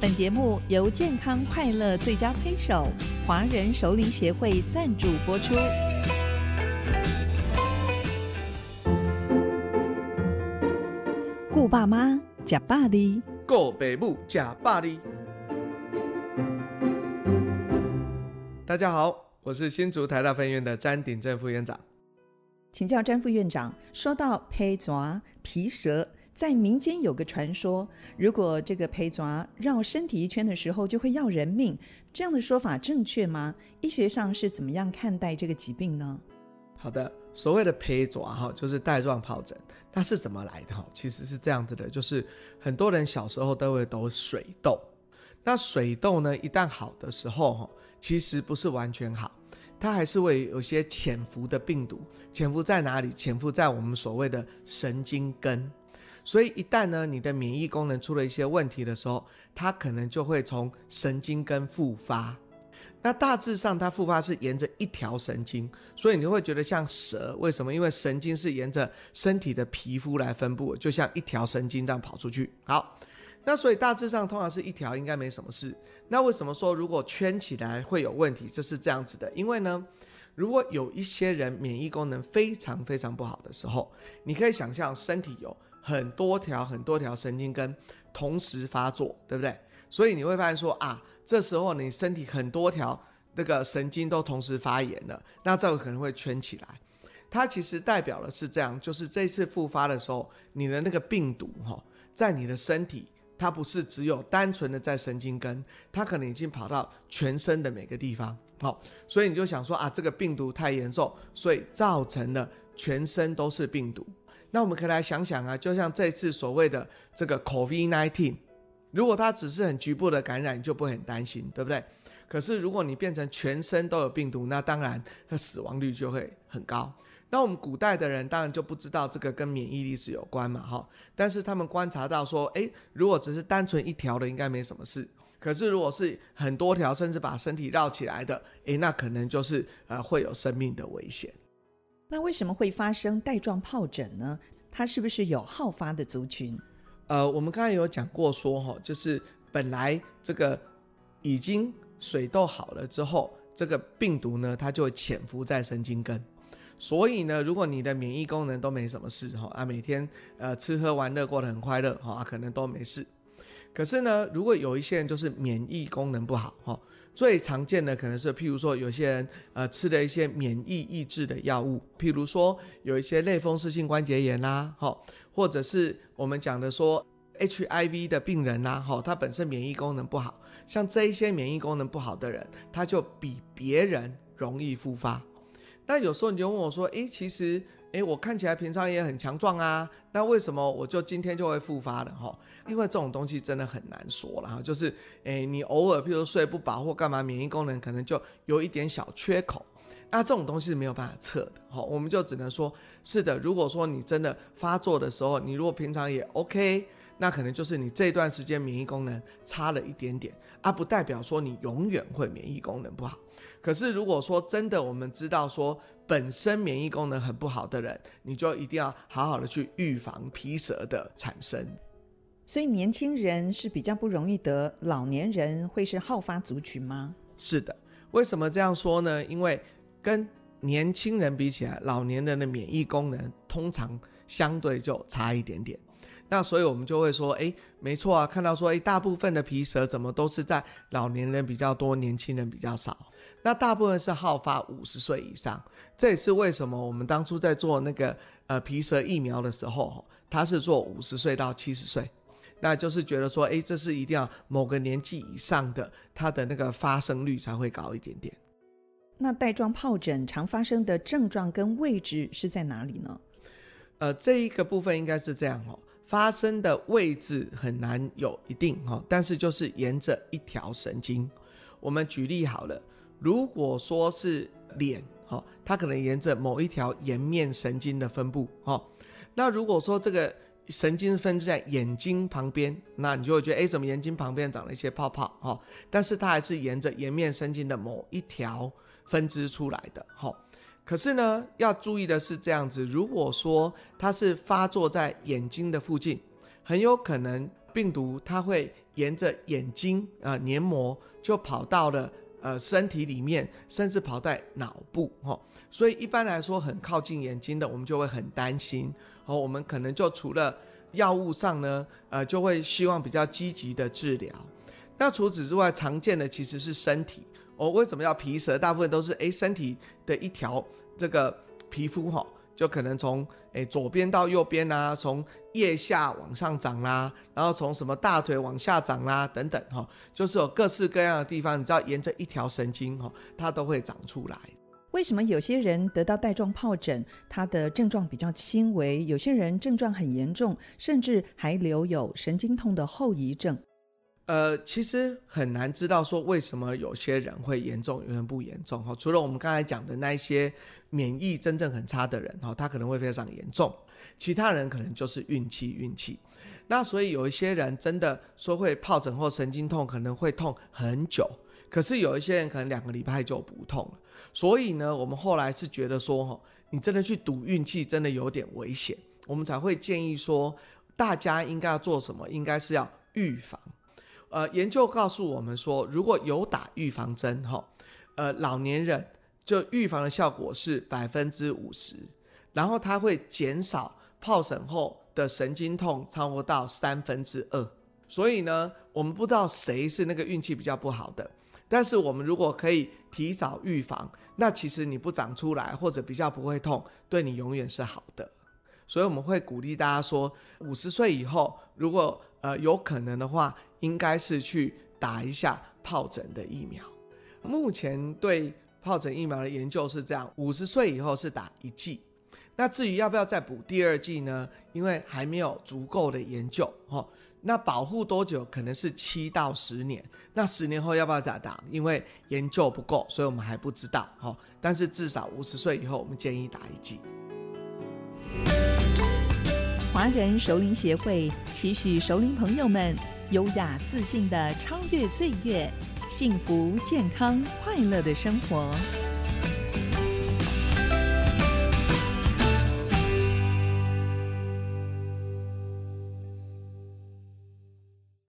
本節目由健康快樂最佳推手華人熟齡協會贊助播出。顧爸媽，吃百的。顧爸母，吃百的。大家好，我是新竹台大分院的詹鼎正副院長。請教詹副院長，說到拍爪皮蛇。在民間有個傳說，如果這個皮蛇繞身體一圈的時候，就會要人命，這樣的說法正確嗎？醫學上是怎麼樣看待這個疾病呢？好的，所謂的皮蛇哈就是帶狀疱疹，它是怎麼來的？其實是這樣子的，就是很多人小時候都會得水痘，那水痘呢一旦好的時候哈，其實不是完全好，它還是會有些潛伏的病毒，潛伏在哪裡？潛伏在我們所謂的神經根。所以一旦呢，你的免疫功能出了一些問題的時候，它可能就會從神經根復發。那大致上，它復發是沿着一條神經，所以你會覺得像蛇。為什麼？因為神經是沿着身體的皮膚來分布，就像一條神經這樣跑出去。好，那所以大致上通常是一條，應該沒什麼事。那為什麼說如果圈起來會有問題？這是這樣子的，因為呢，如果有一些人免疫功能非常非常不好的時候，你可以想象身體有。很多條很多條神經根同時發作，對不對？所以你會發現說啊，這時候你身體很多條那個神經都同時發炎了，那這個可能會圈起來。它其實代表的是這樣，就是這次復發的時候，你的那個病毒哈、哦，在你的身體，它不是只有單純的在神經根，它可能已經跑到全身的每個地方。好、哦，所以你就想說啊，這個病毒太嚴重，所以造成了全身都是病毒。那我們可以來想想啊，就像這次所謂的這個 COVID-19，如果它只是很局部的感染，就不會很擔心，對不對？可是如果你變成全身都有病毒，那當然它死亡率就會很高。那我們古代的人當然就不知道這個跟免疫力是有關嘛，哈。但是他們觀察到說，誒，如果只是單純一條的，應該沒什麼事。可是如果是很多條，甚至把身體繞起來的，誒，那可能就是呃會有生命的危險。那為什麼會發生帶狀皰疹呢？它是不是有好發的族群？呃，我們剛才有講過說哈、哦，就是本來這個已經水痘好了之後，這個病毒呢它就會潛伏在神經根。所以呢，如果你的免疫功能都沒什麼事哈、哦、啊，每天呃吃喝玩樂過得很快樂哈、哦啊，可能都沒事。可是呢，如果有一些人就是免疫功能不好哦，最常見的可能是譬如說有些人呃吃了一些免疫抑制的藥物，譬如說有一些類風濕性關節炎啦、啊、哈，或者是我們講的說 HIV 的病人吶、啊、哈、哦，他本身免疫功能不好，像這一些免疫功能不好的人，他就比別人容易復發。那有時候你就問我說，誒，其實。哎、欸，我看起來平常也很強壯啊，那為什麼我就今天就會復發了吼？因為這種東西真的很難說啦，就是哎、欸，你偶爾譬如說睡不飽或幹嘛，免疫功能可能就有一點小缺口，那這種東西是沒有辦法測的，好，我們就只能說，是的，如果說你真的發作的時候，你如果平常也 OK。那可能就是你這段時間免疫功能差了一點點啊，不代表說你永遠會免疫功能不好。可是如果說真的，我們知道說本身免疫功能很不好的人，你就一定要好好的去預防皮蛇的產生。所以年輕人是比較不容易得，老年人會是好發族群嗎？是的。為什麼這樣說呢？因為跟年輕人比起來，老年人的免疫功能通常相對就差一點點。那所以，我們就會說，哎，沒錯啊，看到說，誒，大部分的皮蛇怎麼都是在老年人比較多，年輕人比較少。那大部分是好發五十歲以上，這也是為什麼我們當初在做那個呃皮蛇疫苗的時候，它是做五十歲到七十歲，那就是覺得說，哎，這是一定要某個年紀以上的，它的那個發生率才會高一點點。那帶狀疱疹常發生的症狀跟位置是在哪裡呢？呃，這一個部分應該是這樣哦。發生的位置很難有一定哈，但是就是沿着一條神經。我們舉例好了，如果說是臉哈，它可能沿着某一條顏面神經的分布哈。那如果說這個神經分支在眼睛旁邊，那你就會覺得哎，怎麼眼睛旁邊長了一些泡泡哈？但是它還是沿着顏面神經的某一條分支出來的，可是呢，要注意的是這樣子，如果說它是發作在眼睛的附近，很有可能病毒它會沿着眼睛啊，呃，黏膜就跑到了，呃身體裡面，甚至跑在腦部哈，哦。所以一般來說，很靠近眼睛的，我們就會很擔心哦。我們可能就除了藥物上呢，呃，就會希望比較積極的治療。那除此之外，常見的其實是身體。我、哦、為什麼叫皮蛇？大部分都是哎，身體的一條這個皮膚哈、哦，就可能從誒左邊到右邊吶、啊，從腋下往上長啦、啊，然後從什麼大腿往下長啦、啊，等等哈、哦，就是有各式各樣的地方，你知道沿着一條神經哈、哦，它都會長出來。為什麼有些人得到帶狀皰疹，他的症狀比較輕微，有些人症狀很嚴重，甚至還留有神經痛的後遺症？呃，其實很難知道說為什麼有些人會嚴重，有人不嚴重哈、哦。除了我們剛才講的那些免疫真正很差的人哈、哦，他可能會非常嚴重，其他人可能就是運氣運氣。那所以有一些人真的說會疱疹或神經痛，可能會痛很久，可是有一些人可能兩個禮拜就不痛了。所以呢，我們後來是覺得說哈、哦，你真的去賭運氣真的有點危險，我們才會建議說大家應該要做什麼，應該是要預防。呃，研究告訴我們說，如果有打預防針，哈，呃，老年人就預防的效果是百分之五十，然後它會減少皰疹後的神經痛，超過到三分之二。所以呢，我們不知道誰是那個運氣比較不好的，但是我們如果可以提早預防，那其實你不長出來或者比較不會痛，對你永遠是好的。所以我們會鼓勵大家說，五十歲以後，如果呃有可能的話。應該是去打一下皰疹的疫苗。目前對皰疹疫苗的研究是這樣：五十歲以後是打一劑，那至於要不要再補第二劑呢？因為還沒有足夠的研究，哈，那保護多久可能是七到十年，那十年後要不要再打？因為研究不夠，所以我們還不知道，哈，但是至少五十歲以後，我們建議打一劑。華人熟齡協會期許熟齡朋友們。優雅自信的超越歲月，幸福健康快樂的生活。